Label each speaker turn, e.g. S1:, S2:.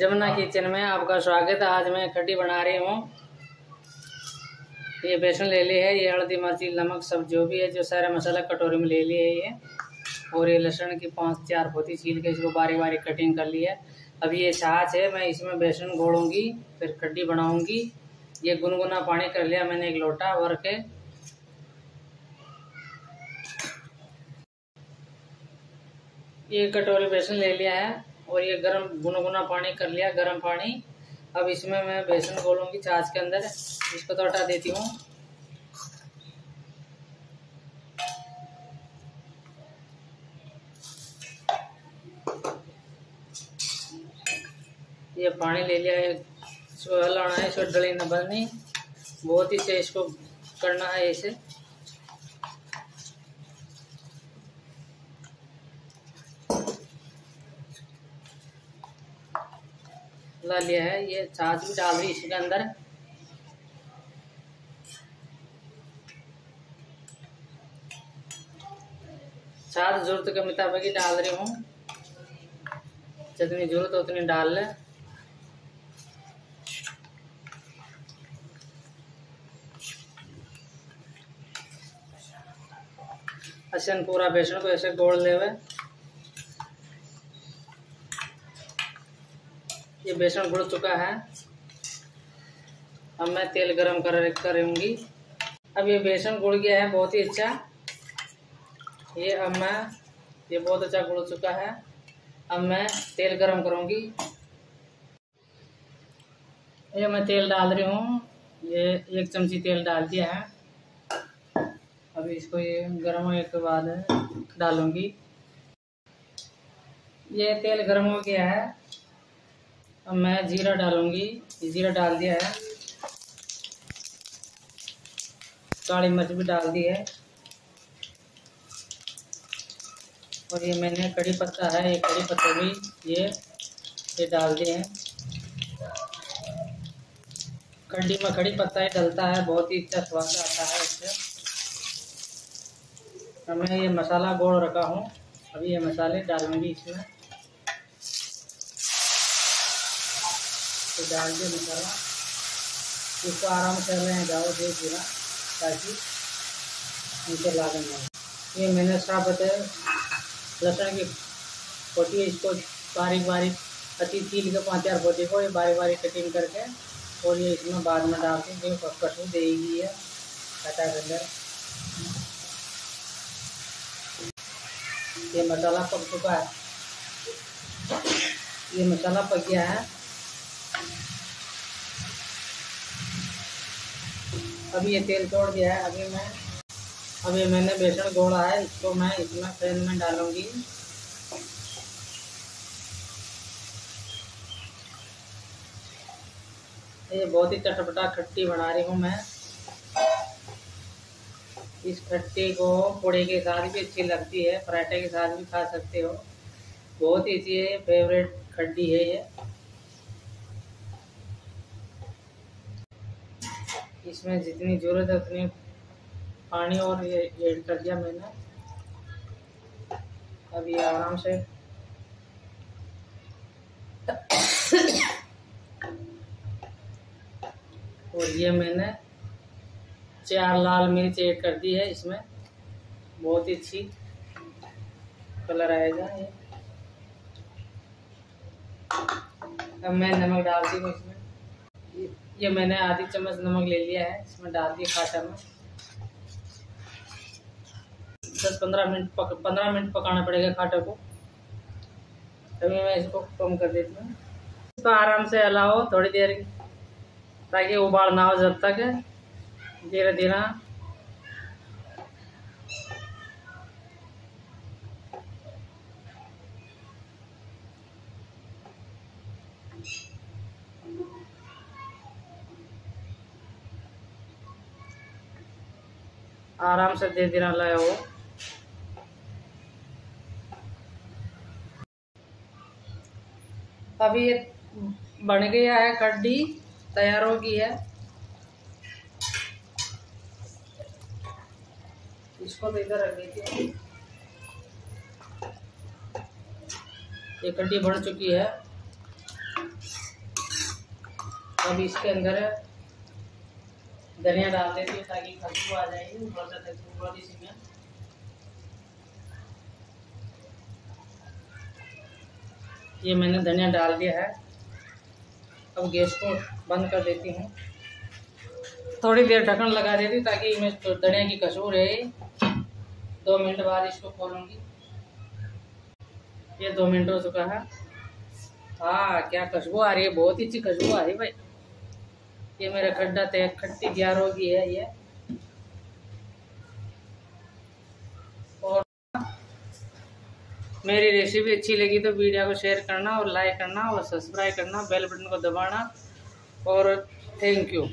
S1: Jamuna kitchen हाँ। में आपका स्वागत है आज मैं खट्टी बना रही हूँ ये बेसन ले ली है ये हल्दी मिर्ची नमक सब जो भी है जो सारा मसाला कटोरी में ले ली है ये और ये लहसुन की पांच चार पोती छील के इसको बारी बारी कटिंग कर ली है अब ये छाछ है मैं इसमें बेसन घोड़ूंगी फिर खड्डी बनाऊंगी ये गुनगुना पानी कर लिया मैंने एक लोटा भर के ये कटोरी बेसन ले लिया है और ये गर्म गुनगुना पानी कर लिया गर्म पानी अब इसमें मैं बेसन खोलूंगी छाछ के अंदर इसको तो हटा देती हूँ ये पानी ले लिया है इसको हलाना है इसको डली न बननी बहुत ही से इसको करना है ऐसे मसला लिया है ये छाछ भी डाल रही है इसके अंदर छाछ जरूरत के मुताबिक ही डाल रही हूँ जितनी जरूरत हो उतनी डाल ले अच्छा पूरा बेसन को ऐसे गोड़ लेवे ये बेसन घुल चुका है अब मैं तेल गरम कर करूँगी अब ये बेसन गुड़ गया है बहुत ही अच्छा ये अब मैं ये बहुत अच्छा घुड़ चुका है अब मैं तेल गरम करूँगी ये मैं तेल डाल रही हूँ ये एक चमची तेल डाल दिया है अब इसको ये गर्म होने के बाद डालूंगी ये तेल गर्म हो गया है अब मैं ज़ीरा डालूंगी ज़ीरा डाल दिया है काली मिर्च भी डाल दी है और ये मैंने कड़ी पत्ता है ये कड़ी पत्ता भी ये ये डाल दिए हैं कड़ी में कड़ी पत्ता ही डलता है बहुत ही अच्छा स्वाद आता है इससे मैं ये मसाला गोड़ रखा हूँ अभी ये मसाले डालूंगी इसमें तो डाल दिया मसाला इसको आराम से हैं दावत दे पूरा ताकि नीचे ला देंगे ये मैंने साफ बताया लहसुन की पोटी इसको बारीक बारीक कटी तीन के पाँच चार पोटी को ये बारीक बारीक कटिंग करके और ये इसमें बाद में डाल के जो देगी ये कटा के अंदर ये मसाला पक चुका है ये मसाला पक गया है अभी ये तेल छोड़ दिया है अभी मैं अभी मैंने बेसन घोड़ा है इसको मैं इसमें पैन में डालूंगी ये बहुत ही चटपटा खट्टी बना रही हूँ मैं इस खट्टी को पोड़े के साथ भी अच्छी लगती है पराठे के साथ भी खा सकते हो बहुत ही अच्छी फेवरेट खड्डी है ये इसमें जितनी ज़रूरत है उतनी पानी और ये ऐड कर दिया मैंने अब ये आराम से और ये मैंने चार लाल मिर्च ऐड कर दी है इसमें बहुत ही अच्छी कलर आएगा ये अब मैं नमक डालती हूँ इसमें ये मैंने आधी चम्मच नमक ले लिया है इसमें डाल दिया काटा में दस पंद्रह मिनट पक पंद्रह मिनट पकाना पड़ेगा खाटा को तभी मैं इसको कम कर देती हूँ इसको आराम से हलाओ थोड़ी देर ताकि उबाल ना हो जब तक धीरे धीरे आराम से दे देना लाया वो अभी ये बन गया है कड्डी तैयार हो गई है इसको इधर रख देती ये कड्डी बन चुकी है अब इसके अंदर है धनिया डाल देती हूँ ताकि खुशबू आ जाएगी ऊपर से थोड़ा इसी में ये मैंने धनिया डाल दिया है अब गैस को बंद कर देती हूँ थोड़ी देर ढक्कन लगा देती हूँ ताकि इसमें तो धनिया की खुशबू रहे दो मिनट बाद इसको खोलूँगी ये दो मिनट हो चुका है हाँ क्या खुशबू आ रही है बहुत ही अच्छी खुशबू आ रही है भाई ये मेरा खड्डा तय तो खट्टी तैयार हो गई है ये और मेरी रेसिपी अच्छी लगी तो वीडियो को शेयर करना और लाइक करना और सब्सक्राइब करना बेल बटन को दबाना और थैंक यू